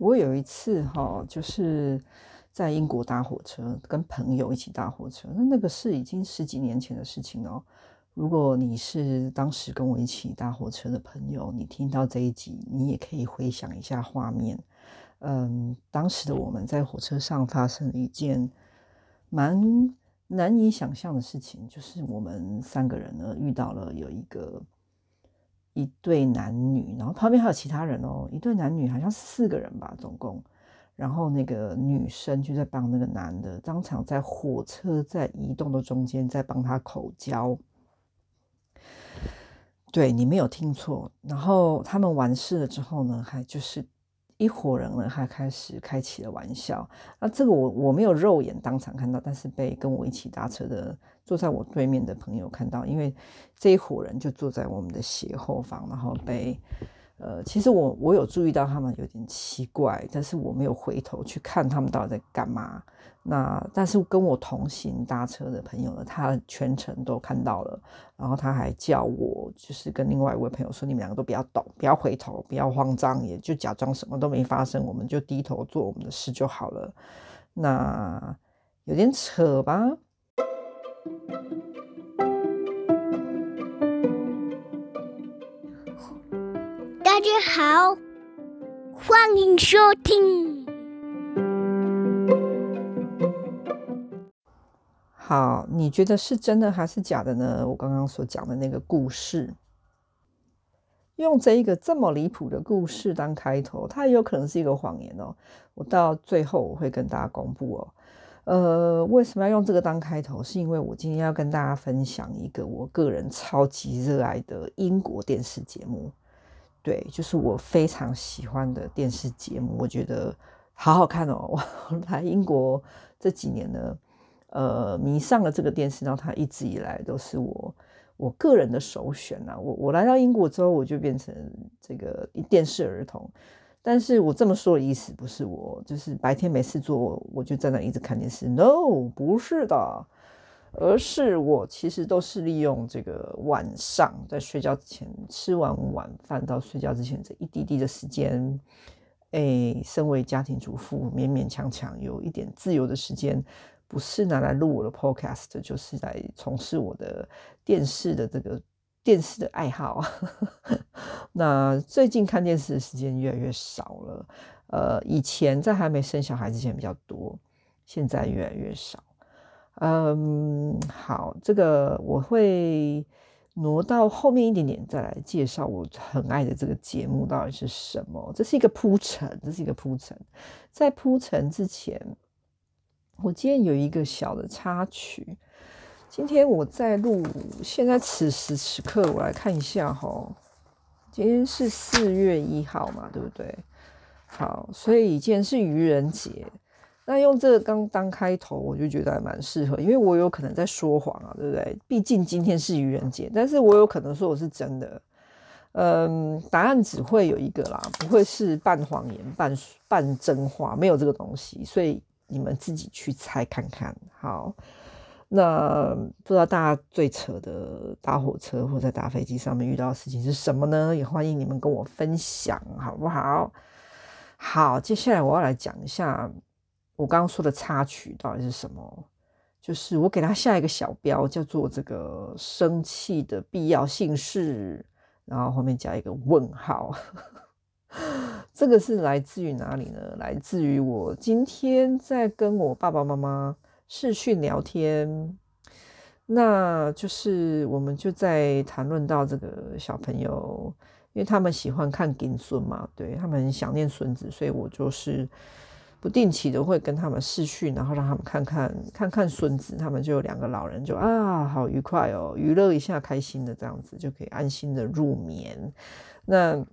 我有一次哈、哦，就是在英國搭火車，跟朋友一起搭火車。那那個是已經十幾年前的事情哦。如果你是當時跟我一起搭火車的朋友，你聽到這一集，你也可以回想一下畫面。嗯，當時的我們在火車上發生了一件蠻難以想象的事情，就是我們三個人呢遇到了有一個，一對男女，然後旁邊還有其他人哦。一對男女，好像四個人吧，總共。然後那個女生就在幫那個男的，當場在火車在移動的中間，在幫他口交。對，你沒有聽錯。然後他們完事了之後呢，還就是。一夥人呢，還開始開起了玩笑。那這個我我沒有肉眼當場看到，但是被跟我一起搭車的坐在我對面的朋友看到，因為這一夥人就坐在我們的斜後方，然後被。呃，其實我我有注意到他們有點奇怪，但是我沒有回頭去看他們到底在幹嘛。那但是跟我同行搭車的朋友呢，他全程都看到了，然後他還叫我，就是跟另外一位朋友說，你們兩個都不要動，不要回頭，不要慌張，也就假裝什麼都沒發生，我們就低頭做我們的事就好了。那有點扯吧。嗯大家好，歡迎收聽。好，你覺得是真的還是假的呢？我剛剛所講的那個故事，用這一個這麼離譜的故事當開頭，它也有可能是一個謊言哦。我到最後我會跟大家公布哦。呃，為什麼要用這個當開頭？是因為我今天要跟大家分享一個我個人超級熱愛的英國電視節目。對，就是我非常喜歡的電視節目，我覺得好好看哦。我來英國這幾年呢，呃，迷上了這個電視，然後它一直以來都是我我個人的首選呢、啊。我我來到英國之後，我就變成這個電視兒童。但是我這麼說的意思不是我就是白天沒事做，我就站在那一直看電視。No，不是的。而是我其實都是利用這個晚上在睡覺之前，吃完晚飯到睡覺之前這一滴滴的時間，哎、欸，身為家庭主婦，勉勉強強有一點自由的時間，不是拿來錄我的 podcast，就是來從事我的電視的這個電視的愛好。 那最近看電視的時間越來越少了，呃，以前在還沒生小孩之前比較多，現在越來越少。嗯，好，這個我會挪到後面一點點再來介紹。我很愛的這個節目到底是什麼？這是一個鋪陳，這是一個鋪陳。在鋪陳之前，我今天有一個小的插曲。今天我在錄，現在此時此刻，我來看一下哈。今天是四月一號嘛，對不對？好，所以今天是愚人節。那用這個，剛剛開頭，我就覺得還蠻適合，因為我有可能在說謊啊，對不對？畢竟今天是愚人節，但是我有可能說我是真的。嗯，答案只會有一個啦，不會是半謊言半半真話，沒有這個東西。所以你們自己去猜看看。好，那不知道大家最扯的搭火車或者搭飛機上面遇到的事情是什麼呢？也歡迎你們跟我分享，好不好？好，接下來我要來講一下。我剛剛說的插曲到底是什麼？就是我給他下一個小標，叫做“這個生氣的必要性是”，然後後面加一個問號。 這個是來自於哪裡呢？來自於我今天在跟我爸爸媽媽視訊聊天，那就是我們就在談論到這個小朋友，因為他們喜歡看《金孫》嘛，對，他們很想念孫子，所以我就是。不定期的會跟他們視訊，然後讓他們看看看看孫子，他們就有兩個老人就啊，好愉快哦，娛樂一下，開心的這樣子就可以安心的入眠。那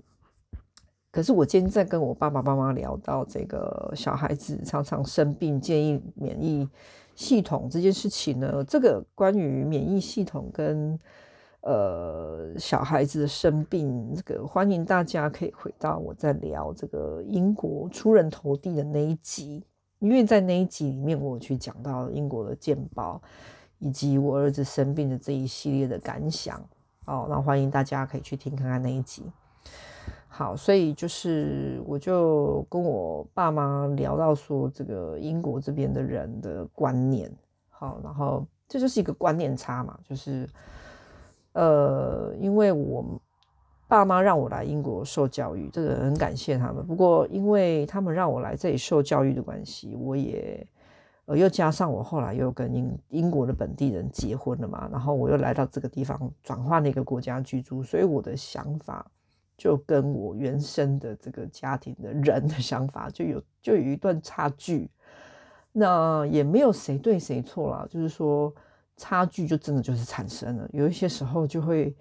可是我今天在跟我爸爸媽媽聊到這個小孩子常常生病，建議免疫系統這件事情呢，這個關於免疫系統跟。呃，小孩子生病，這個歡迎大家可以回到我在聊這個英國出人頭地的那一集，因為在那一集裡面，我去講到英國的健保，以及我兒子生病的這一系列的感想。好，然後歡迎大家可以去聽看看那一集。好，所以就是我就跟我爸媽聊到說，這個英國這邊的人的觀念，好，然後這就是一個觀念差嘛，就是。呃，因為我爸媽讓我來英國受教育，這個很感謝他們。不過，因為他們讓我來這裡受教育的關係，我也呃，又加上我後來又跟英英國的本地人結婚了嘛，然後我又來到這個地方，轉換了一個國家居住，所以我的想法就跟我原生的這個家庭的人的想法就有就有一段差距。那也沒有誰對誰錯了，就是說。差距就真的就是產生了，有一些時候就會，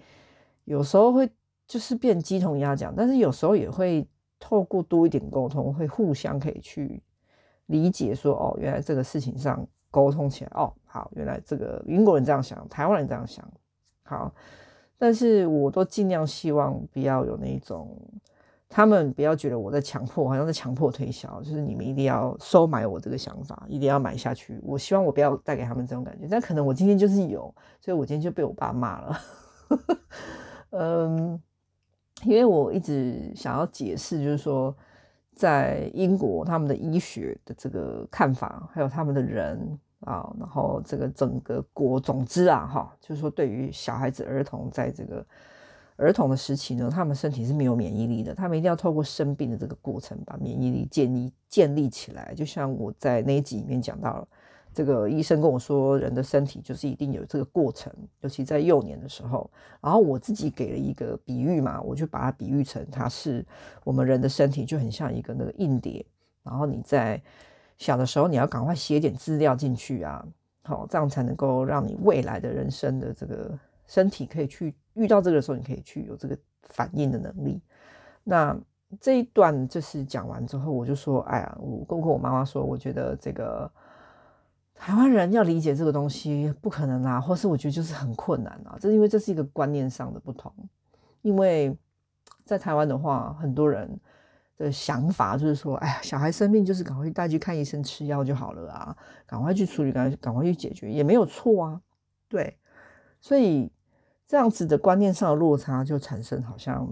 有時候會就是變雞同鴨講，但是有時候也會透過多一點溝通，會互相可以去理解說，哦，原來這個事情這樣溝通起來，哦，好，原來這個英國人這樣想，台灣人這樣想，好，但是我都盡量希望不要有那種。他們不要覺得我在強迫，好像是強迫推銷，就是你們一定要收買我這個想法，一定要買下去。我希望我不要帶給他們這種感覺，但可能我今天就是有，所以我今天就被我爸罵了。 嗯，因為我一直想要解釋，就是說在英國他們的醫學的這個看法，還有他們的人啊，然後這個整個國，總之啊，哈，就是說對於小孩子、兒童在這個。兒童的時期呢，他們身體是沒有免疫力的，他們一定要透過生病的這個過程，把免疫力建立建立起來。就像我在那一集裡面講到了，這個醫生跟我說，人的身體就是一定有這個過程，尤其在幼年的時候。然後我自己給了一個比喻嘛，我就把它比喻成，它是我們人的身體就很像一個那個硬碟，然後你在小的時候，你要趕快寫點資料進去啊，好、哦，這樣才能夠讓你未來的人生的這個身體可以去。遇到這個的時候，你可以去有這個反應的能力。那這一段就是講完之後，我就說：“哎呀，我跟我媽媽說，我覺得這個台灣人要理解這個東西不可能啊，或是我覺得就是很困難啊。這是因為這是一個觀念上的不同。因為在台灣的話，很多人的想法就是說：哎呀，小孩生病就是趕快帶去看醫生、吃藥就好了啊，趕快去處理、趕趕快去解決也沒有錯啊。對，所以。”這樣子的觀念上的落差就產生，好像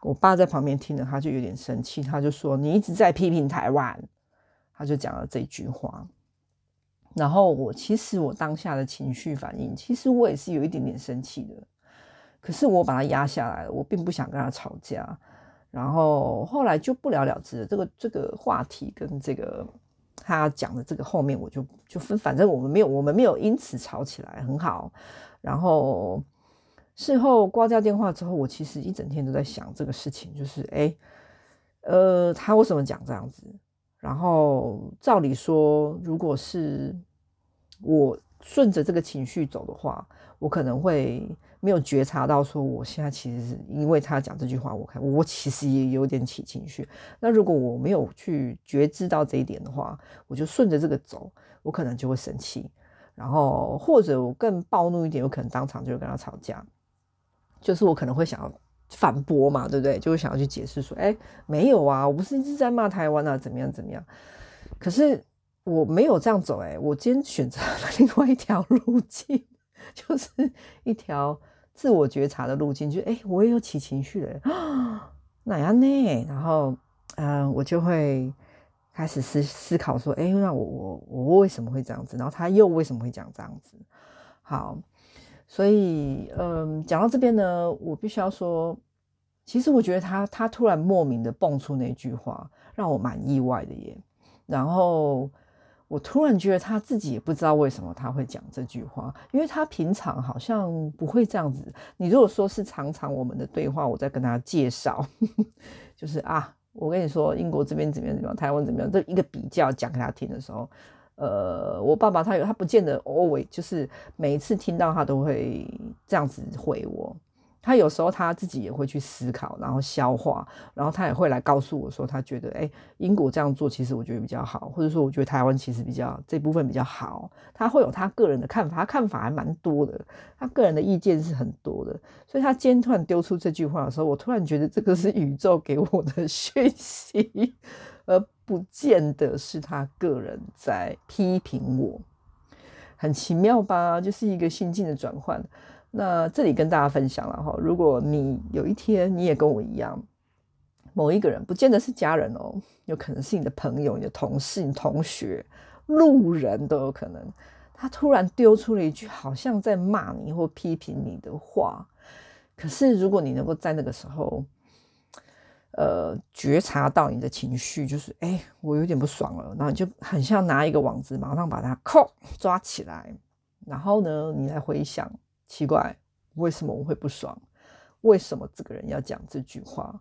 我爸在旁邊聽了，他就有點生氣，他就說：“你一直在批評台灣。”他就講了這句話。然後我其實我當下的情緒反應，其實我也是有一點點生氣的，可是我把他壓下來了，我並不想跟他吵架。然後後來就不了了之，這個這個話題跟這個他講的這個後面，我就就反正我們沒有我們沒有因此吵起來，很好。然後。事後掛掉電話之後，我其實一整天都在想這個事情，就是哎、欸，呃，他為什麼講這樣子？然後照理說，如果是我順着這個情緒走的話，我可能會沒有覺察到說，我現在其實是因為他講這句話，我看我其實也有點起情緒。那如果我沒有去覺知到這一點的話，我就順着這個走，我可能就會生氣，然後或者我更暴怒一點，有可能當場就跟他吵架。就是我可能會想要反駁嘛，對不對？就會想要去解釋說，哎，沒有啊，我不是一直在罵台灣啊，怎麼樣怎麼樣？可是我沒有這樣走，哎，我今天選擇了另外一條路徑，就是一條自我覺察的路徑，就是，哎，我也有起情緒的，哪樣呢？然後，嗯，我就會開始思思考說，哎，那我我我為什麼會這樣子？然後他又為什麼會講這樣子？好。所以，嗯，講到這邊呢，我必須要說，其實我覺得他他突然莫名的蹦出那句話，讓我蠻意外的耶。然後我突然覺得他自己也不知道為什麼他會講這句話，因為他平常好像不會這樣子。你如果說是常常我們的對話，我在跟他介紹， 就是啊，我跟你說英國這邊怎麼樣怎麼樣，台灣怎麼樣，這一個比較講給他聽的時候。呃，我爸爸他有，他不見得我 a 就是每一次聽到他都會這樣子回我。他有時候他自己也會去思考，然後消化，然後他也會來告訴我說，他覺得誒、欸，英國這樣做其實我覺得比較好，或者說我覺得台灣其實比較這部分比較好。他會有他個人的看法，他看法還蠻多的，他個人的意見是很多的。所以他今天突然丟出這句話的時候，我突然覺得這個是宇宙給我的訊息。而不見得是他個人在批評我，很奇妙吧？就是一個心境的轉換。那這裡跟大家分享了哈，如果你有一天你也跟我一樣，某一個人不見得是家人哦、喔，有可能是你的朋友、你的同事、你的同學、路人，都有可能，他突然丟出了一句好像在罵你或批評你的話，可是如果你能夠在那個時候。呃，覺察到你的情緒，就是哎，我有點不爽了，然後你就很像拿一個網子，馬上把它抓起來。然後呢，你來回想，奇怪，為什麼我會不爽？為什麼這個人要講這句話？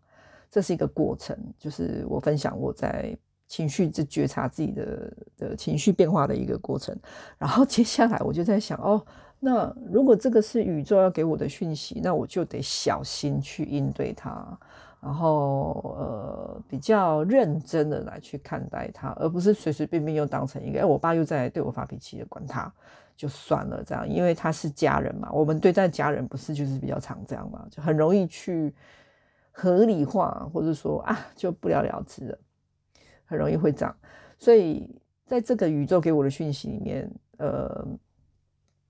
這是一個過程，就是我分享我在情緒這覺察自己的的情緒變化的一個過程。然後接下來我就在想，哦，那如果這個是宇宙要給我的訊息，那我就得小心去應對它。然後呃，比較認真的來去看待他，而不是隨隨便便又當成一個，欸，我爸又在對我發脾氣了，管他就算了這樣，因為他是家人嘛，我們對待家人不是就是比較常這樣嘛，就很容易去合理化，或者說啊，就不了了之了，很容易會這樣。所以在這個宇宙給我的訊息裡面，呃。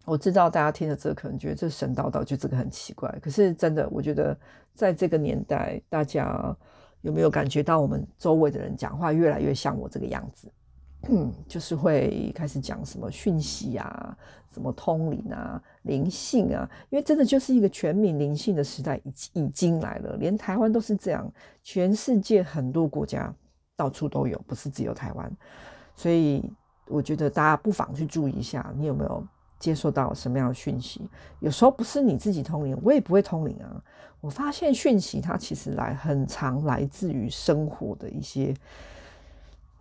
我知道大家聽了這個，可能覺得這神叨叨，就這個很奇怪。可是真的，我覺得在這個年代，大家有沒有感覺到我們周圍的人講話越來越像我這個樣子？嗯， 就是會開始講什麼訊息啊，什麼通靈啊、靈性啊。因為真的就是一個全民靈性的時代，已已經來了，連台灣都是這樣，全世界很多國家到處都有，不是只有台灣。所以我覺得大家不妨去注意一下，你有沒有？接受到什麼樣的訊息？有時候不是你自己通靈，我也不會通靈啊。我發現訊息它其實來很常來自於生活的一些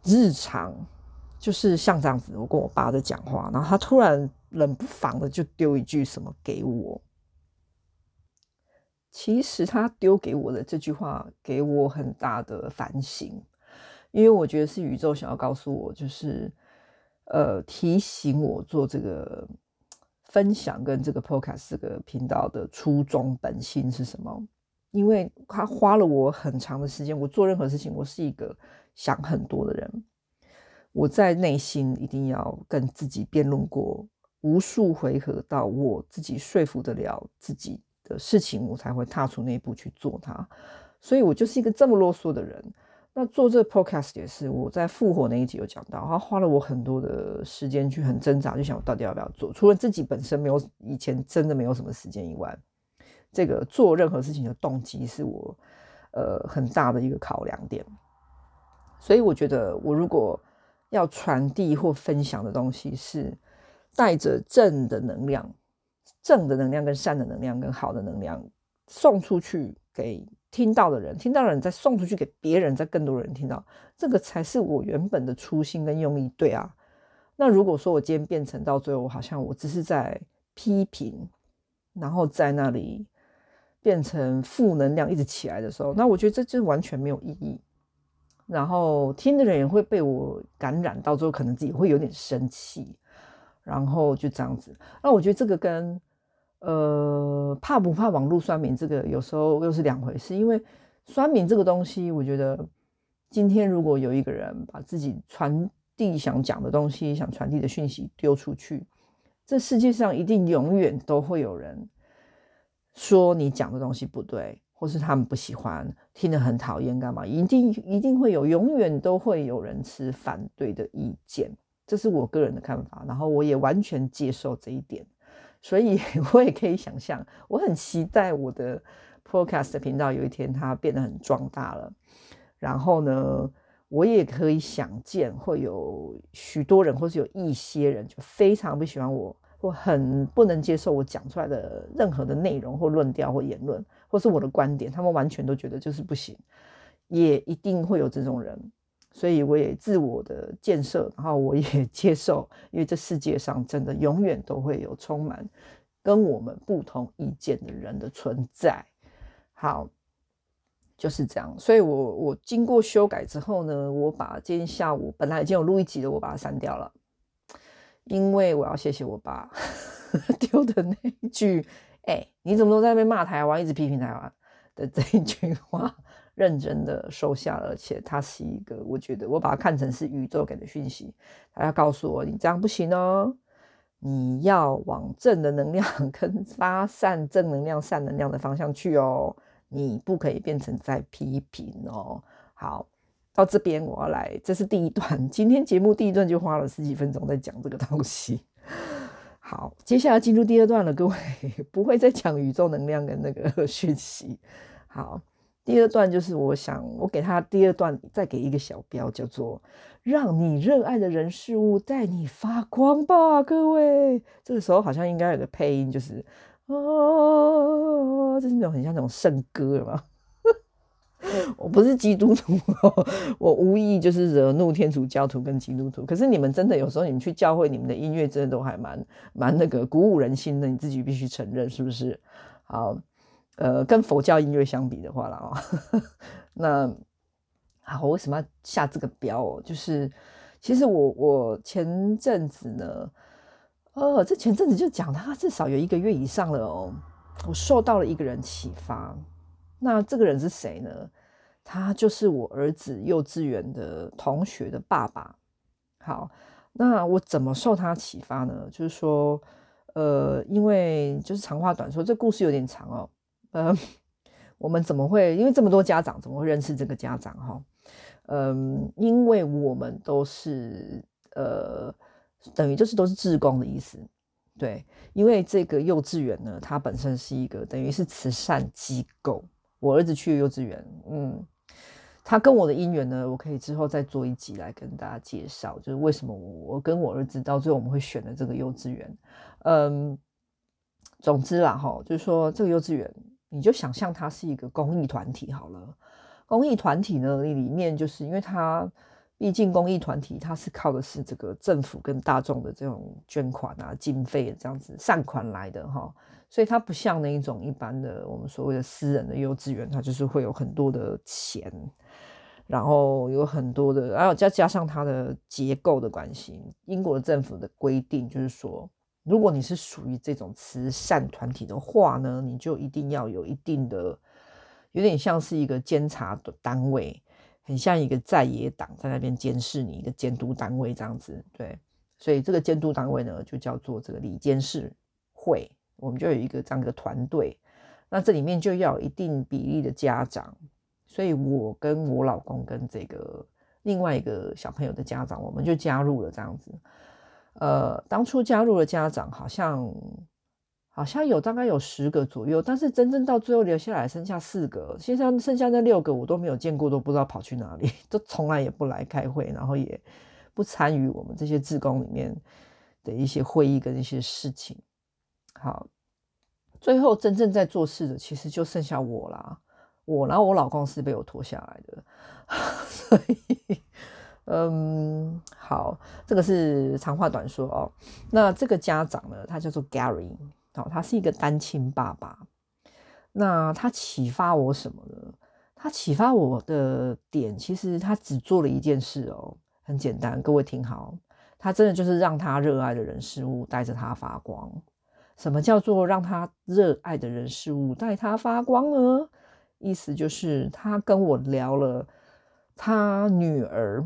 日常，就是像這樣子，我跟我爸在講話，然後他突然冷不防的就丟一句什麼給我。其實他丟給我的這句話給我很大的反省，因為我覺得是宇宙想要告訴我，就是呃提醒我做這個。分享跟這個 podcast 這個頻道的初衷本心是什麼？因為他花了我很長的時間，我做任何事情，我是一個想很多的人，我在內心一定要跟自己辯論過無數回合，到我自己說服得了自己的事情，我才會踏出那一步去做它。所以我就是一個這麼囉嗦的人。那做這 podcast 也是，我在復活那一集有講到，花花了我很多的時間去很掙扎，就想我到底要不要做。除了自己本身沒有，以前真的沒有什麼時間以外，這個做任何事情的動機是我呃很大的一個考量點。所以我覺得，我如果要傳遞或分享的東西，是帶着正的能量，正的能量跟善的能量跟好的能量送出去給。聽到的人，聽到的人再送出去給別人，再更多人聽到，這個才是我原本的初心跟用意，對啊。那如果說我今天變成到最後，我好像我只是在批評，然後在那裡變成負能量一直起來的時候，那我覺得這就完全沒有意義。然後聽的人也會被我感染，到最後可能自己會有點生氣，然後就這樣子。那我覺得這個跟呃，怕不怕網絡酸民？這個有時候又是兩回事。因為酸民這個東西，我覺得今天如果有一個人把自己傳遞想講的東西、想傳遞的訊息丟出去，這世界上一定永遠都會有人說你講的東西不對，或是他們不喜歡，聽得很討厭，幹嘛？一定一定會有，永遠都會有人持反對的意見。這是我個人的看法，然後我也完全接受這一點。所以，我也可以想象，我很期待我的 podcast 頻道有一天它變得很壯大了。然後呢，我也可以想見，會有許多人，或是有一些人，就非常不喜歡我，我很不能接受我講出來的任何的內容或論調或言論，或是我的觀點，他們完全都覺得就是不行。也一定會有這種人。所以我也自我的建設，然後我也接受，因為這世界上真的永遠都會有充滿跟我們不同意見的人的存在。好，就是這樣。所以我，我我經過修改之後呢，我把今天下午本來已經有錄一集的，我把它刪掉了，因為我要謝謝我爸丟 的那一句：“哎、欸，你怎麼都在那邊罵台灣，一直批評台灣的這一句話。”認真的收下，而且它是一個，我覺得我把它看成是宇宙給的訊息，它要告訴我，你這樣不行哦，你要往正的能量跟發散正能量、善能量的方向去哦，你不可以變成在批評哦。好，到這邊我要來，這是第一段，今天節目第一段就花了十幾分鐘在講這個東西。好，接下來進入第二段了，各位不會再講宇宙能量跟那個訊息。好。第二段就是，我想我給他第二段再給一個小標，叫做“讓你熱愛的人事物帶你發光吧，各位”。這個時候好像應該有個配音，就是哦、啊，這是那種很像那種聖歌嘛。 我不是基督徒， 我無意就是惹怒天主教徒跟基督徒。可是你們真的有時候你們去教會，你們的音樂真的都還蠻蠻那個鼓舞人心的，你自己必須承認，是不是？好。呃，跟佛教音樂相比的話啦、喔，哦， 那好，我為什麼要下這個標、喔？就是其實我我前陣子呢，呃，這前陣子就講他至少有一個月以上了哦、喔。我受到了一個人啟發，那這個人是誰呢？他就是我兒子幼稚園的同學的爸爸。好，那我怎麼受他啟發呢？就是說，呃，因為就是長話短說，這故事有點長哦、喔。嗯，我們怎麼會？因為這麼多家長怎麼會認識這個家長？哈，嗯，因為我們都是呃，等於就是都是志工的意思，對。因為這個幼稚園呢，它本身是一個等於是慈善機構。我兒子去幼稚園，嗯，他跟我的姻緣呢，我可以之後再做一集來跟大家介紹，就是為什麼我跟我兒子到最後我們會選了這個幼稚園。嗯，總之啦，哈，就是說這個幼稚園。你就想象它是一個公益團體好了，公益團體呢，裡面就是因為它畢竟公益團體它是靠的是這個政府跟大眾的這種捐款啊、經費這樣子善款來的哈，所以它不像那一種一般的我們所謂的私人的幼稚園，它就是會有很多的錢，然後有很多的，然後加加上它的結構的關係，英國的政府的規定就是說。如果你是屬於這種慈善團體的話呢，你就一定要有一定的，有點像是一個監察的單位，很像一個在野黨在那邊監視你一個監督單位這樣子，對。所以這個監督單位呢，就叫做這個理監事會，我們就有一個這樣的團隊。那這裡面就要有一定比例的家長，所以我跟我老公跟這個另外一個小朋友的家長，我們就加入了這樣子。呃，當初加入了家長好像，好像有大概有十個左右，但是真正到最後留下來剩下四個，現在剩下那六個我都沒有見過，都不知道跑去哪裡，都從來也不來開會，然後也不參與我們這些志工裡面的一些會議跟一些事情。好，最後真正在做事的，其實就剩下我啦，我，然後我老公是被我拖下來的，呵呵所以。嗯，好，這個是長話短說哦。那這個家長呢，他叫做 Gary，好，哦，他是一個單親爸爸。那他啟發我什麼呢？他啟發我的點，其實他只做了一件事哦，很簡單，各位聽好，他真的就是讓他熱愛的人事物帶着他發光。什麼叫做讓他熱愛的人事物帶他發光呢？意思就是他跟我聊了他女兒。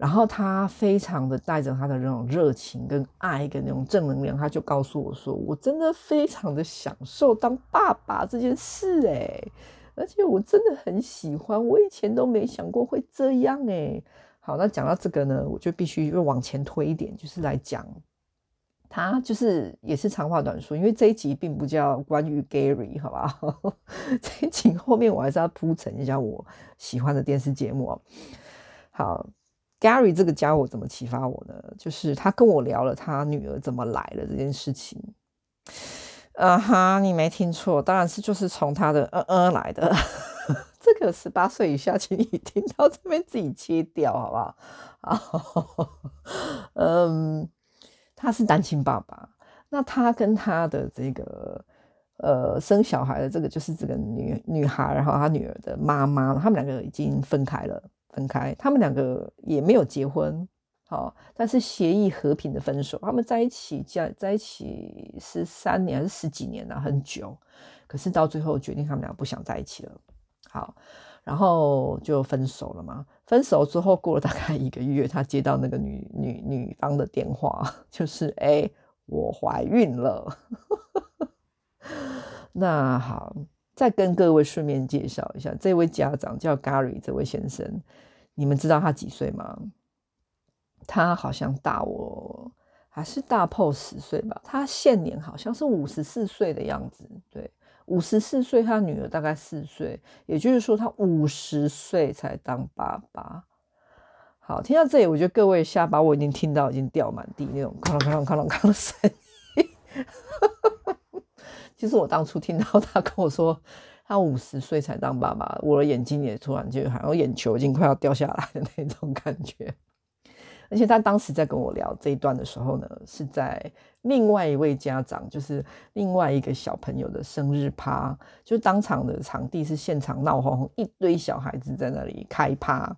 然後他非常的帶着他的那種熱情跟愛跟那種正能量，他就告訴我說：“我真的非常的享受當爸爸這件事，欸，誒，而且我真的很喜歡，我以前都沒想過會這樣，欸，誒好，那講到這個呢，我就必須又往前推一點，就是來講。嗯。他就是也是長話短說，因為這一集並不叫關於 Gary，好不好？ 這一集後面我還是要鋪陳一下我喜歡的電視節目。好。Gary 這個家伙怎麼啟發我呢？就是他跟我聊了他女兒怎麼來的這件事情。啊、uh、哈，huh, 你沒聽錯，當然是就是從他的嗯、呃、嗯、呃、來的。 這個十八歲以下，請你聽到這邊自己切掉，好不好？啊，嗯，他是單親爸爸，那他跟他的這個呃生小孩的這個就是這個女女孩，然後他女兒的媽媽，他們兩個已經分開了。分開，他們兩個也沒有結婚，好、哦，但是協議和平的分手。他們在一起，在一起是三年還是十幾年了、啊，很久。可是到最後決定，他們倆不想在一起了，好，然後就分手了嘛。分手之後，過了大概一個月，他接到那個女女女方的電話，就是哎、欸，我懷孕了。 那好。再跟各位順便介紹一下，這位家長叫 Gary，這位先生，你們知道他幾歲嗎？他好像大我，還是大破十歲吧？他現年好像是五十四歲的樣子，對，五十四歲，他女兒大概四歲，也就是說他五十歲才當爸爸。好，聽到這裡，我覺得各位下巴我已經聽到已經掉滿地那種咔嚷咔嚷咔嚷咔的，咔隆咔隆咔隆咔隆聲。其實我當初聽到他跟我說他五十歲才當爸爸，我的眼睛也突然就好像眼球已經快要掉下來的那種感覺。而且他當時在跟我聊這一段的時候呢，是在另外一位家長，就是另外一個小朋友的生日趴，就當場的場地是現場鬧哄哄，一堆小孩子在那裡開趴、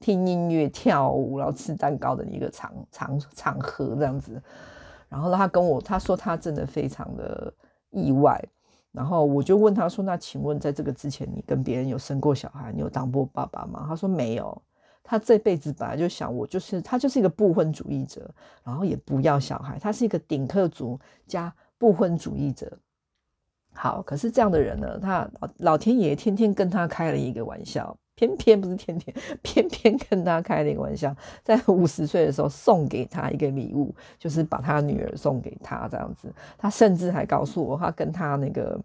聽音樂、跳舞，然後吃蛋糕的一個場場場合這樣子。然後他跟我他說他真的非常的。意外，然後我就問他說：“那請問，在這個之前，你跟別人有生過小孩，你有當過爸爸嗎？”他說：“沒有。”他這輩子本來就想，我就是他就是一個不婚主義者，然後也不要小孩，他是一個頂客族加不婚主義者。好，可是這樣的人呢，他老老天爺天天跟他開了一個玩笑。偏偏不是天天，偏偏跟他開那個玩笑，在五十歲的時候送給他一個禮物，就是把他女兒送給他這樣子。他甚至還告訴我，他跟他那個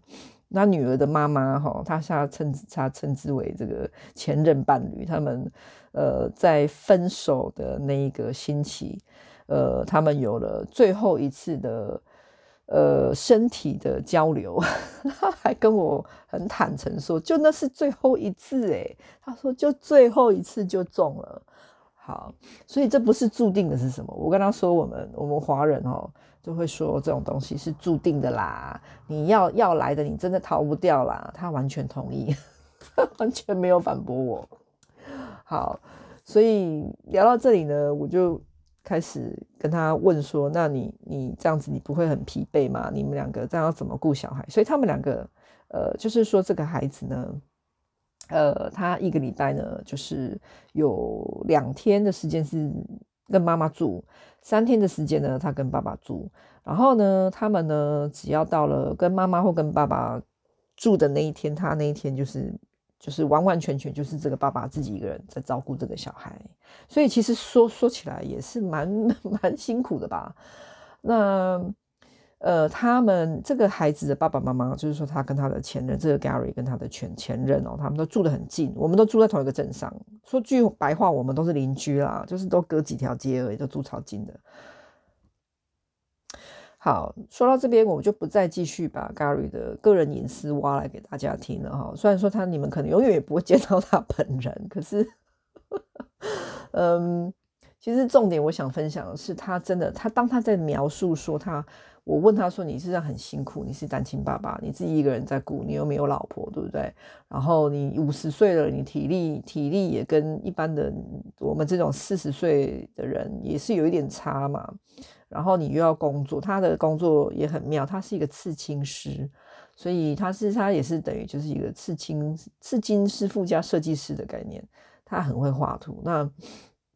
他女兒的媽媽，他現在他稱之，他稱之為這個前任伴侶，他們呃在分手的那一個星期，呃，他們有了最後一次的。呃，身體的交流， 他還跟我很坦誠說，就那是最後一次哎，他說就最後一次就中了，好，所以這不是注定的是什麼？我跟他說，我們我們華人哦，就會說這種東西是注定的啦，你要要來的，你真的逃不掉啦。他完全同意， 完全沒有反駁我。好，所以聊到這裡呢，我就。開始跟他問說：“那你你這樣子，你不會很疲憊嗎？你們兩個這樣要怎麼顧小孩？”所以他們兩個，呃，就是說這個孩子呢，呃，他一個禮拜呢，就是有兩天的時間是跟媽媽住，三天的時間呢，他跟爸爸住。然後呢，他們呢，只要到了跟媽媽或跟爸爸住的那一天，他那一天就是。就是完完全全就是這個爸爸自己一個人在照顧這個小孩，所以其實說說起來也是蠻蠻辛苦的吧。那呃，他們這個孩子的爸爸媽媽，就是說他跟他的前任這個 Gary 跟他的前前任哦，他們都住得很近，我們都住在同一個鎮上。說句白話，我們都是鄰居啦，就是都隔幾條街而已，都住超近的。好，說到這邊，我就不再繼續把 Gary 的個人隱私挖來給大家聽了哈。雖然說他你們可能永遠也不會見到他本人，可是呵呵，嗯，其實重點我想分享的是，他真的，他當他在描述說他。我問他說：“你是在很辛苦，你是單親爸爸，你自己一個人在顧，你又沒有老婆，對不對？然後你五十歲了，你體力體力也跟一般的我們這種四十歲的人也是有一點差嘛。然後你又要工作，他的工作也很妙，他是一個刺青師，所以他是他也是等於就是一個刺青刺青師附加設計師的概念，他很會畫圖。那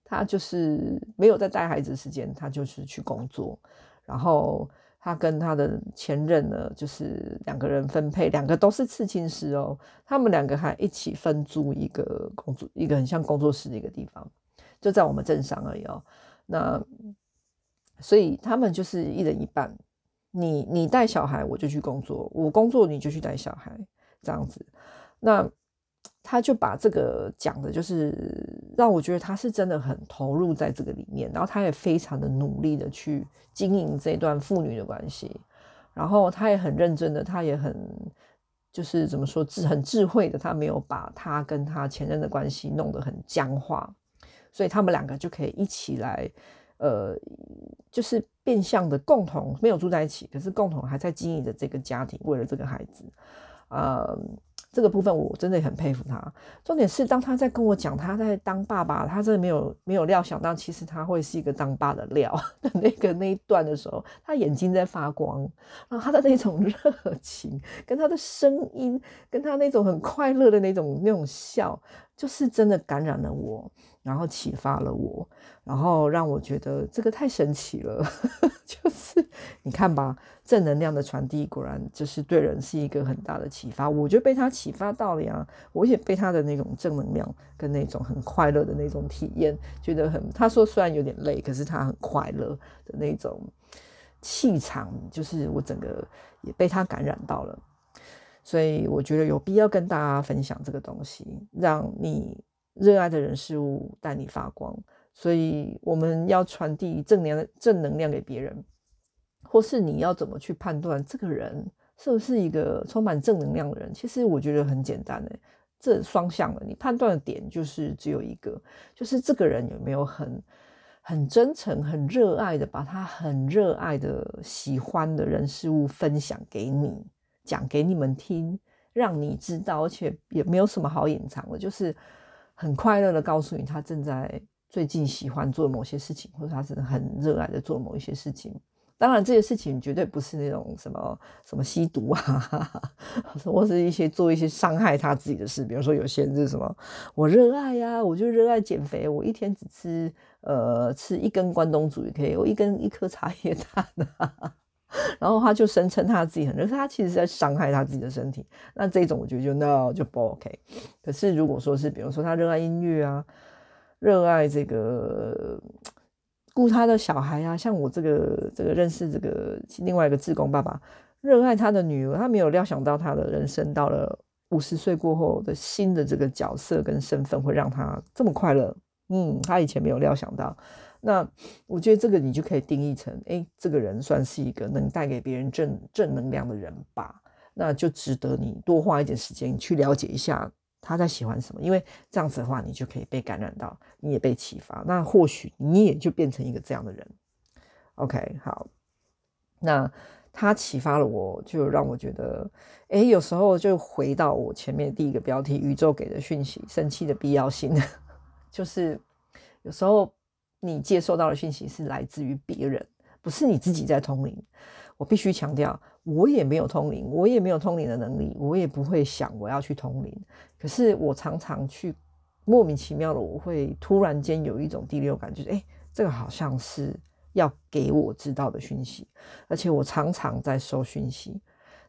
他就是沒有在帶孩子的時間，他就是去工作，然後。”他跟他的前任呢，就是兩個人分配，兩個都是刺青師哦。他們兩個還一起分租一個工作，一個很像工作室的一個地方，就在我們鎮上而已哦。那所以他們就是一人一半，你你帶小孩，我就去工作；我工作，你就去帶小孩，這樣子。那他就把這個講的，就是讓我覺得他是真的很投入在這個裡面，然後他也非常的努力的去經營這段父女的關係，然後他也很認真的，他也很就是怎麼說智很智慧的，他沒有把他跟他前任的關係弄得很僵化，所以他們兩個就可以一起來，呃，就是變相的共同沒有住在一起，可是共同還在經營着這個家庭，為了這個孩子，嗯。這個部分我真的很佩服他。重點是，當他在跟我講他在當爸爸，他真的沒有沒有料想到，其實他會是一個當爸的料。那個那一段的時候，他眼睛在發光，然後他的那種熱情，跟他的聲音，跟他那種很快樂的那種那種笑。就是真的感染了我，然後啟發了我，然後讓我覺得這個太神奇了。 就是你看吧，正能量的傳遞果然就是對人是一個很大的啟發。我就被他啟發到了呀，我也被他的那種正能量跟那種很快樂的那種體驗，覺得很。他說雖然有點累，可是他很快樂的那種氣場，就是我整個也被他感染到了。所以我覺得有必要跟大家分享這個東西，讓你熱愛的人事物帶你發光。所以我們要傳遞正能量，正能量給別人，或是你要怎麼去判斷這個人是不是一個充滿正能量的人？其實我覺得很簡單嘞、欸，這雙向的，你判斷的點就是只有一個，就是這個人有沒有很很真誠、很熱愛的把他很熱愛的、喜歡的人事物分享給你。講給你們聽，讓你知道，而且也沒有什麼好隱藏的，就是很快樂的告訴你，他正在最近喜歡做某些事情，或者他是很熱愛的做某一些事情。當然，這些事情絕對不是那種什麼什麼吸毒啊，或是一些做一些傷害他自己的事。比如說，有些人是什麼，我熱愛呀、啊，我就熱愛減肥，我一天只吃呃吃一根關東煮也可以，我一根一顆茶葉蛋啊。然後他就聲稱他自己很熱，可是他其實是在傷害他自己的身體。那這種我覺得就 no 就不 OK。可是如果說是，比如說他熱愛音樂啊，熱愛這個顧他的小孩啊，像我這個這個認識這個另外一個志工爸爸，熱愛他的女兒，他沒有料想到他的人生到了五十歲過後的新的這個角色跟身份會讓他這麼快樂。嗯，他以前沒有料想到。那我覺得這個你就可以定義成，哎、欸，這個人算是一個能帶給別人正正能量的人吧，那就值得你多花一點時間去了解一下他在喜歡什麼，因為這樣子的話，你就可以被感染到，你也被啟發，那或許你也就變成一個這樣的人。OK，好，那他啟發了我，就讓我覺得，哎、欸，有時候就回到我前面第一個標題，宇宙給的訊息，生氣的必要性，就是有時候。你接收到的訊息是來自於別人，不是你自己在通靈。我必須強調，我也沒有通靈，我也沒有通靈的能力，我也不會想我要去通靈。可是我常常去，莫名其妙的，我會突然間有一種第六感，就是誒、欸，這個好像是要給我知道的訊息，而且我常常在收訊息。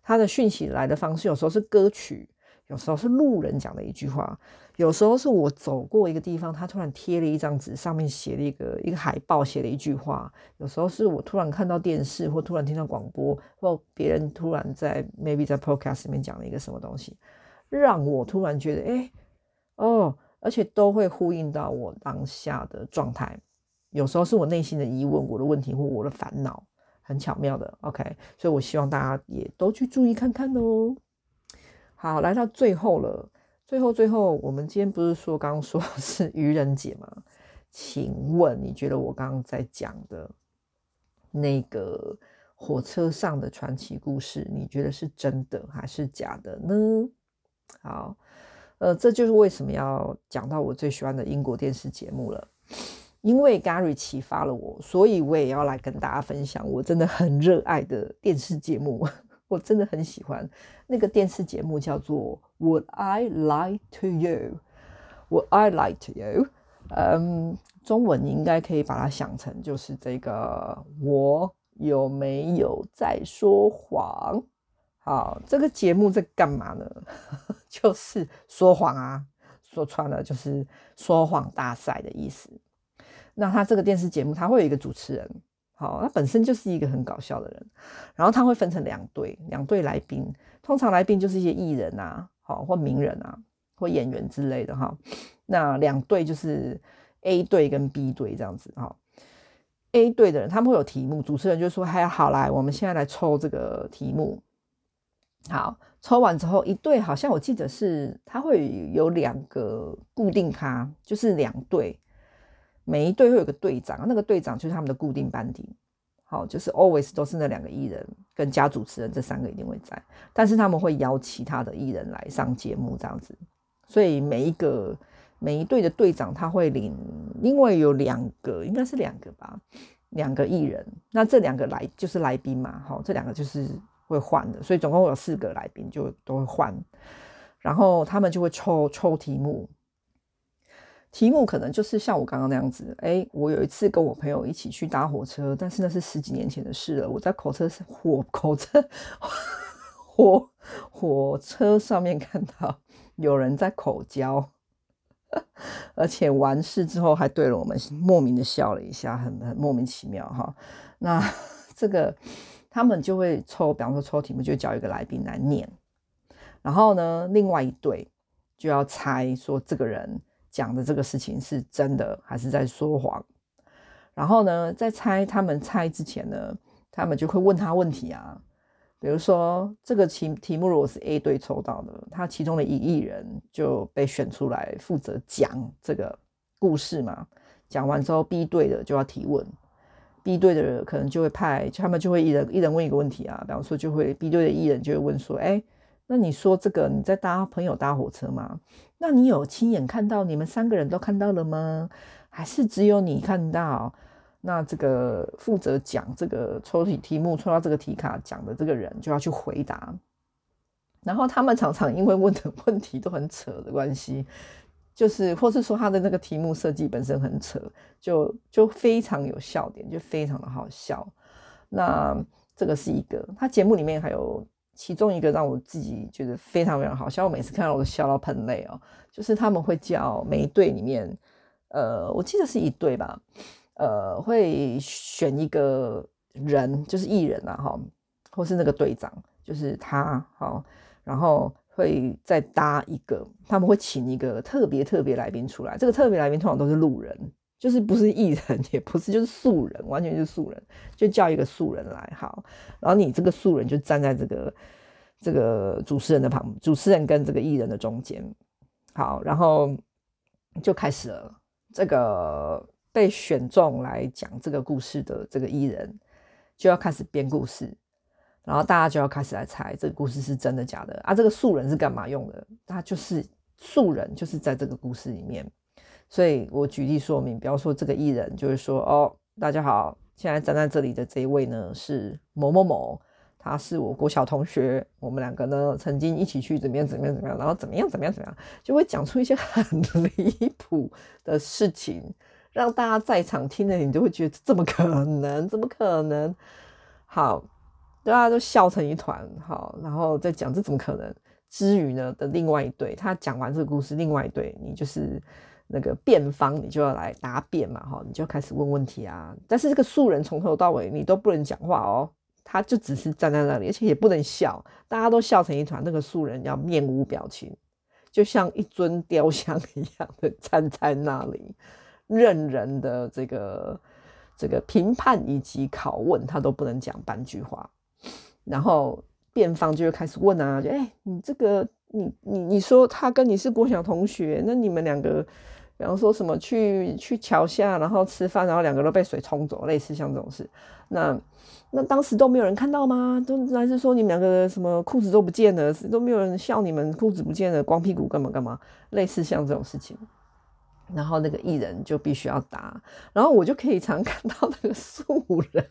他的訊息來的方式，有時候是歌曲。有時候是路人講的一句話，有時候是我走過一個地方，他突然貼了一張紙，上面寫了一個一個海報，寫了一句話。有時候是我突然看到電視，或突然聽到廣播，或別人突然在 maybe 在 podcast 裡面講了一個什麼東西，讓我突然覺得哎、欸、哦，而且都會呼應到我當下的狀態。有時候是我內心的疑問、我的問題或我的煩惱，很巧妙的。OK，所以我希望大家也都去注意看看哦。好，來到最後了。最後，最後，我們今天不是說剛剛說是愚人節嗎？請問你覺得我剛剛在講的那個火車上的傳奇故事，你覺得是真的還是假的呢？好，呃，這就是為什麼要講到我最喜歡的英國電視節目了，因為 Gary 啟發了我，所以我也要來跟大家分享我真的很熱愛的電視節目。我真的很喜歡那個電視節目，叫做《Would I Lie to You》？Would I Lie to You？嗯，um，中文你應該可以把它想成就是這個“我有沒有在說謊”？好，這個節目在幹嘛呢？ 就是說謊啊，說穿了就是說謊大賽的意思。那他這個電視節目，他會有一個主持人。哦，他本身就是一個很搞笑的人，然後他會分成兩隊，兩隊來賓，通常來賓就是一些藝人啊，好或名人啊，或演員之類的哈。那兩隊就是 A 隊跟 B 隊這樣子哈。A 隊的人他們會有題目，主持人就說：“哎，好來，我們現在來抽這個題目。”好，抽完之後，一隊好像我記得是他會有兩個固定咖，就是兩隊。每一隊會有個隊長，那個隊長就是他們的固定班底，好、哦，就是 always 都是那兩個藝人跟加主持人這三個一定會在，但是他們會邀其他的藝人來上節目這樣子，所以每一個每一隊的隊長他會領，另外有兩個應該是兩個吧，兩個藝人，那這兩個來就是來賓嘛，好、哦，這兩個就是會換的，所以總共有四個來賓就都會換，然後他們就會抽抽題目。題目可能就是像我剛剛那樣子，哎、欸，我有一次跟我朋友一起去搭火車，但是那是十幾年前的事了。我在火車上火，火車火火車上面看到有人在口交，而且完事之後還對了我們莫名的笑了一下，很很莫名其妙哈。那這個他們就會抽，比方說抽題目就會叫一個來賓來念，然後呢，另外一對就要猜說這個人。講的這個事情是真的還是在說謊？然後呢，在猜他們猜之前呢，他們就會問他問題啊。比如說，這個題目如果我是 A 隊抽到的，他其中的一藝人就被選出來負責講這個故事嘛。講完之後，B 隊的就要提問，B 隊的可能就會派就他們就會一人一人問一個問題啊。比方說，就會 B 隊的藝人就會問說：“哎、欸。”那你說這個你在搭朋友搭火車嗎？那你有親眼看到？你們三個人都看到了嗎？還是只有你看到？那這個負責講這個抽題題目抽到這個題卡講的這個人就要去回答。然後他們常常因為問的問題都很扯的關係，就是或是說他的那個題目設計本身很扯，就就非常有笑點，就非常的好笑。那這個是一個，他節目裡面還有。其中一個讓我自己覺得非常非常好笑，笑我每次看到我都笑到噴淚哦。就是他們會叫每一隊裡面，呃，我記得是一隊吧，呃，會選一個人，就是藝人啊，哈，或是那個隊長，就是他，然後會再搭一個，他們會請一個特別特別來賓出來，這個特別來賓通常都是路人。就是不是藝人，也不是就是素人，完全就是素人，就叫一個素人來，好，然後你這個素人就站在這個這個主持人的旁，主持人跟這個藝人的中間，好，然後就開始了。這個被選中來講這個故事的這個藝人就要開始編故事，然後大家就要開始來猜這個故事是真的假的，啊，這個素人是幹嘛用的？他就是素人，就是在這個故事裡面。所以我舉例說明，比方說這個藝人就是說，哦，大家好，現在站在這裡的這一位呢是某某某，他是我國小同學，我們兩個呢曾經一起去怎麼樣怎麼樣怎麼樣，然後怎麼樣怎麼樣怎麼樣，就會講出一些很離譜的事情，讓大家在場聽了你就會覺得怎麼可能，怎麼可能？好，大家都笑成一團，好，然後再講這怎麼可能？之余呢的另外一對，他講完這個故事，另外一對你就是。那個辯方，你就要來答辯嘛，哈，你就開始問問題啊。但是這個素人從頭到尾你都不能講話哦，他就只是站在那裡，而且也不能笑，大家都笑成一團，那個素人要面無表情，就像一尊雕像一樣的站在那裡，任人的這個這個評判以及拷問，他都不能講半句話，然後辯方就會開始問啊，欸，你這個，你你你說他跟你是國小同學，那你們兩個。比方說什麼去去橋下，然後吃飯，然後兩個都被水沖走，類似像這種事。那那當時都沒有人看到嗎？都還是說你們兩個什麼褲子都不見了，都沒有人笑你們褲子不見了，光屁股幹嘛幹嘛？類似像這種事情，然後那個藝人就必須要答，然後我就可以常看到那個素人。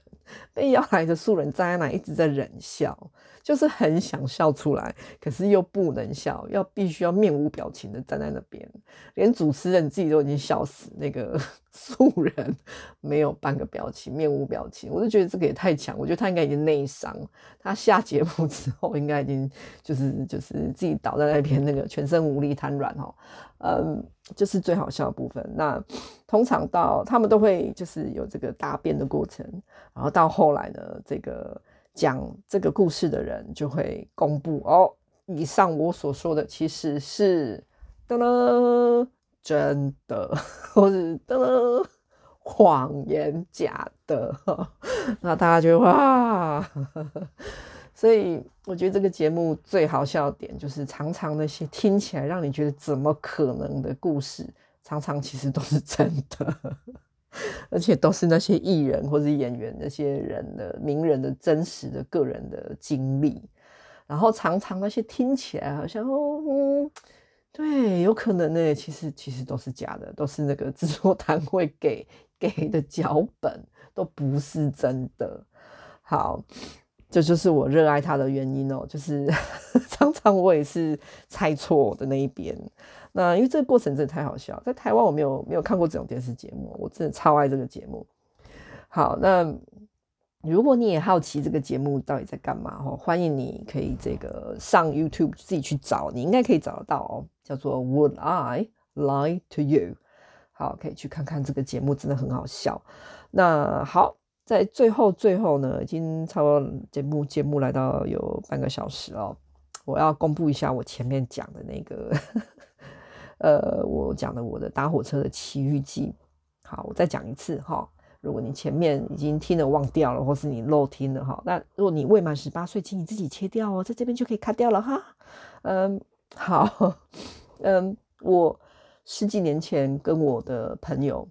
被邀來的素人站在那一直在忍笑，就是很想笑出來，可是又不能笑，要必須要面無表情的站在那邊，連主持人自己都已經笑死那個。素人沒有半個表情，面無表情，我就覺得這個也太強。我覺得他應該已經內傷，他下節目之後應該已經就是就是自己倒在那邊，那個全身無力癱軟哦，嗯，就是最好笑的部分。那通常到他們都會就是有這個答辯的過程，然後到後來呢，這個講這個故事的人就會公布哦，以上我所說的其實是得了。噔噔真的，或是的謊言，假的，那大家覺得哇，所以我覺得這個節目最好笑點，就是常常那些聽起來讓你覺得怎麼可能的故事，常常其實都是真的，而且都是那些藝人或是演員那些人的名人的真實的個人的經歷，然後常常那些聽起來好像對，有可能呢、欸。其實，其實都是假的，都是那個製作單位給給的腳本，都不是真的。好，這就是我熱愛它的原因哦、喔。就是常常我也是猜錯的那一邊。那因為這個過程真的太好笑，在台灣我沒有沒有看過這種電視節目，我真的超愛這個節目。好，那。如果你也好奇這個節目到底在幹嘛哈，歡迎你可以這個上 YouTube 自己去找，你應該可以找得到哦，叫做 Would I Lie to You？好，可以去看看這個節目，真的很好笑。那好，在最後最後呢，已經差不多節目節目來到有半個小時哦，我要公布一下我前面講的那個， 呃，我講的我的搭火車的奇遇記。好，我再講一次哈、哦。如果你前面已經聽了忘掉了，或是你漏聽了哈，那如果你未滿十八歲，請你自己切掉哦，在這邊就可以卡掉了哈。嗯，好，嗯，我十幾年前跟我的朋友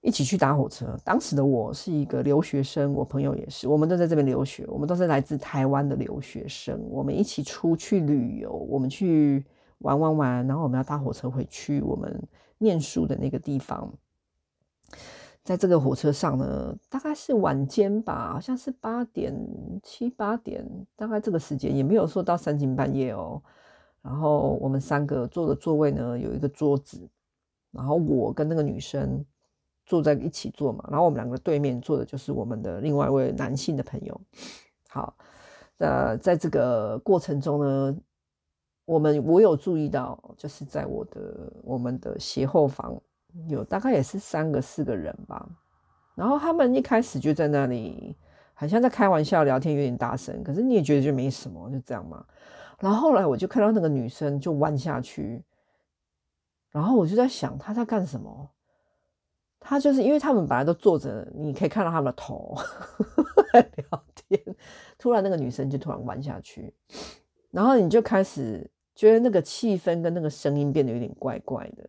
一起去搭火車，當時的我是一個留學生，我朋友也是，我們都在這邊留學，我們都是來自台灣的留學生，我們一起出去旅遊，我們去玩玩玩，然後我們要搭火車回去我們唸書的那個地方。在這個火車上呢，大概是晚間吧，好像是八點、七八點，大概這個時間也沒有說到三更半夜哦。然後我們三個坐的座位呢，有一個桌子，然後我跟那個女生坐在一起坐嘛，然後我們兩個對面坐的就是我們的另外一位男性的朋友。好，那在這個過程中呢，我們我有注意到，就是在我的我們的斜後方。有大概也是三個四個人吧，然後他們一開始就在那裡，好像在開玩笑聊天，有點大聲，可是你也覺得就沒什麼，就這樣嘛。然後後來我就看到那個女生就彎下去，然後我就在想她在幹什麼？她就是因為他們本來都坐着，你可以看到他們的頭呵呵聊天，突然那個女生就突然彎下去，然後你就開始覺得那個氣氛跟那個聲音變得有點怪怪的。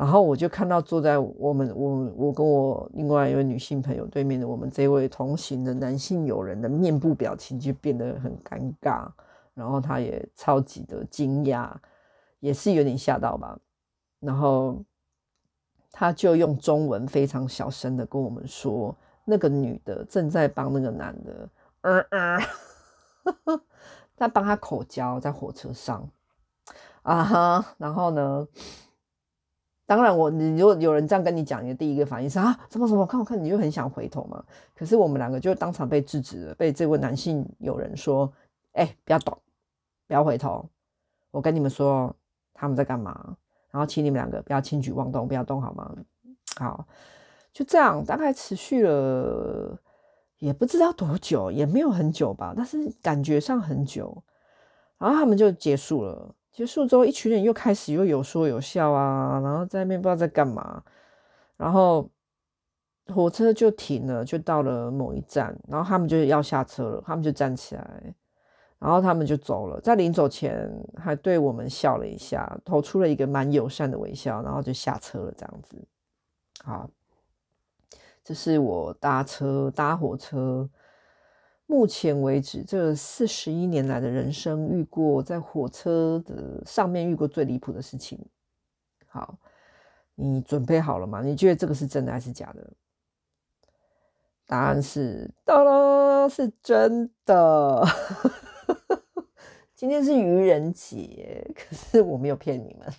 然後我就看到坐在我們我我跟我另外一位女性朋友對面的我們這位同行的男性友人的面部表情就變得很尷尬，然後他也超級的驚訝，也是有點嚇到吧。然後他就用中文非常小聲的跟我們說，那個女的正在幫那個男的，啊啊，呵呵，在幫他口交在火車上，啊哈，然後呢？當然我，我你如果有人這樣跟你講，你的第一個反應是啊，什麼什麼，看我看，你就很想回頭嘛。可是我們兩個就當場被制止了，被這位男性友人說：“哎、欸，不要動，不要回頭，我跟你們說他們在幹嘛，然後請你們兩個不要輕舉妄動，不要動好嗎？”好，就這樣，大概持續了也不知道多久，也沒有很久吧，但是感覺上很久，然後他們就結束了。結束之後一群人又開始又有說有笑啊，然後在那邊不知道在幹嘛，然後火車就停了，就到了某一站，然後他們就要下車了，他們就站起來，然後他們就走了，在臨走前還對我們笑了一下，投出了一個蠻友善的微笑，然後就下車了，這樣子。好，這是我搭車，搭火車。目前為止，這四十一年來的人生遇過，在火車的上面遇過最離譜的事情。好，你準備好了嗎？你覺得這個是真的還是假的？答案是，當然、嗯、是真的。 今天是愚人節，可是我沒有騙你們。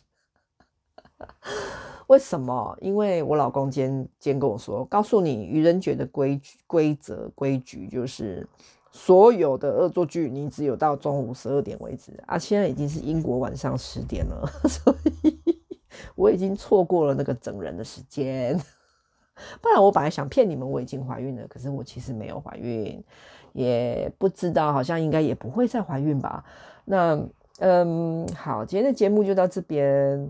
為什麼？因為我老公今天今天跟我說，告訴你愚人節的規規則、規則、規矩就是所有的惡作劇，你只有到中午十二點為止啊！現在已經是英國晚上十點了，所以我已經錯過了那個整人的時間。不然我本來想騙你們我已經懷孕了，可是我其實沒有懷孕，也不知道，好像應該也不會再懷孕吧。那嗯，好，今天的節目就到這邊。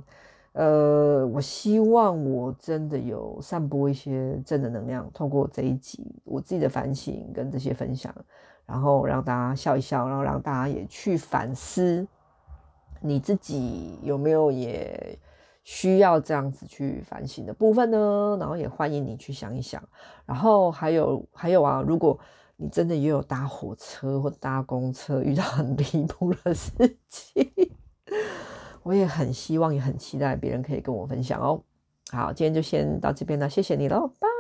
呃，我希望我真的有散播一些正的能量，透過這一集我自己的反省跟這些分享，然後讓大家笑一笑，然後讓大家也去反思你自己有沒有也需要這樣子去反省的部分呢？然後也歡迎你去想一想，然後還有還有啊，如果你真的也有搭火車或者搭公車遇到很離譜的事情。 我也很希望，也很期待別人可以跟我分享哦。好，今天就先到這邊了，謝謝你嘍，Bye。